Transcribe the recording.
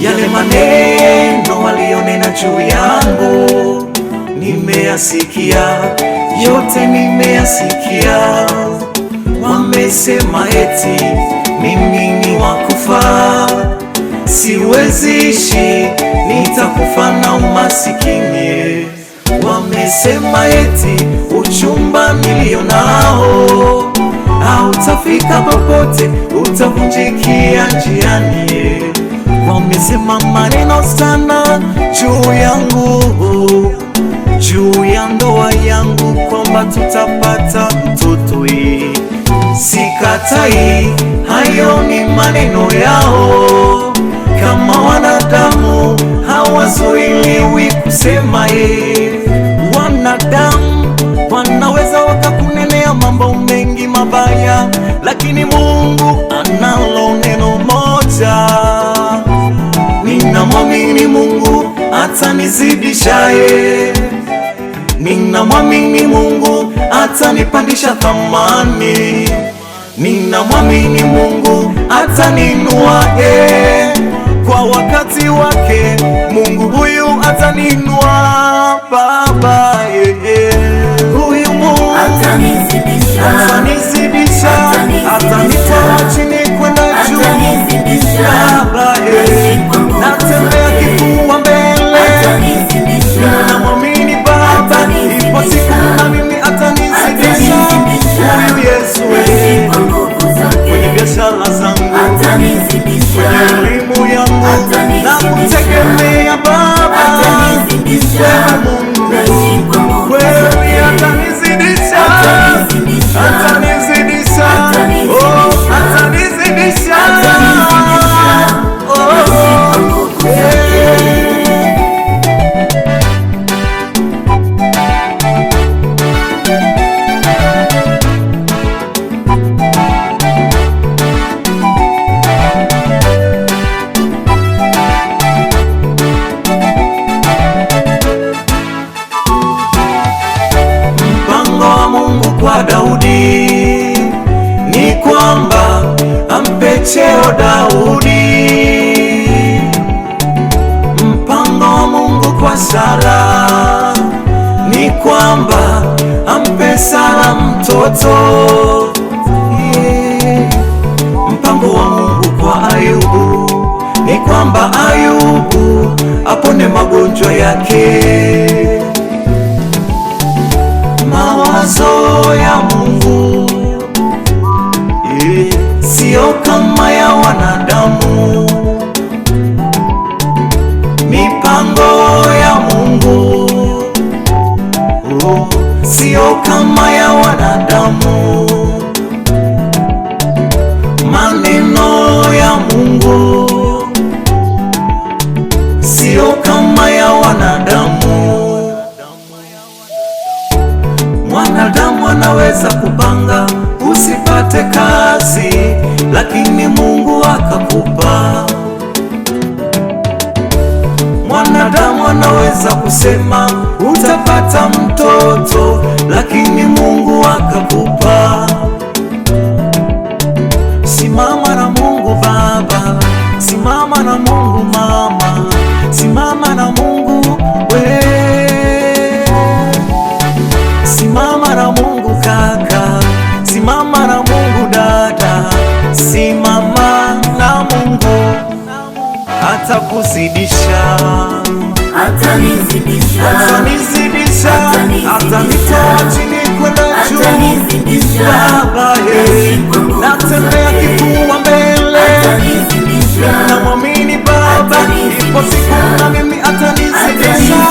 yale maneno walionena juu yangu nimeyasikia, yote nimeyasikia. Wamesema eti mimi ni wakufa, siwezi ishi, nitakufa na umasikini. Wamesema eti uchumba nilio nao hautafika popote, utavunjikia njiani wamesema maneno sana juu yangu, juu ya ndoa yangu, kwamba tutapata mtoto. Sikatai, hayo ni maneno yao. Kama wanadamu hawazuiliwi kusema ye, wanadamu wanaweza wakakunenea mambo mengi mabaya, lakini Mungu analone atanizidishaye, ninamwamini Mungu atanipandisha thamani, ninamwamini Mungu ataniinuae kwa wakati wake. Mungu huyu ataniinua Baba. biashara zangu, kwenye elimu yangu, na kutegemea Baba, wewe Mungu cheo Daudi, mpango wa Mungu kwa Sara ni kwamba ampe Sara mtoto Mpango wa Mungu kwa Ayubu ni kwamba Ayubu apone magonjwa yake. Mawazo ya Mungu eh, Sio kama ya wanadamu, mipango ya Mungu oh, sio kama ya wanadamu. Maneno ya Mungu sio kama ya wanadamu. Mwanadamu anaweza kupanga usipate kazi lakini akakupa. Mwanadamu anaweza kusema utapata mtoto, lakini Mungu akakupa. Simama na Mungu Baba, simama na Mungu atakuzidisha, atanizidisha, atanitoa chini kwenda juu. Babaye natembea kifua mbele, na mwamini Baba, ipo siku na mimi atanizidisha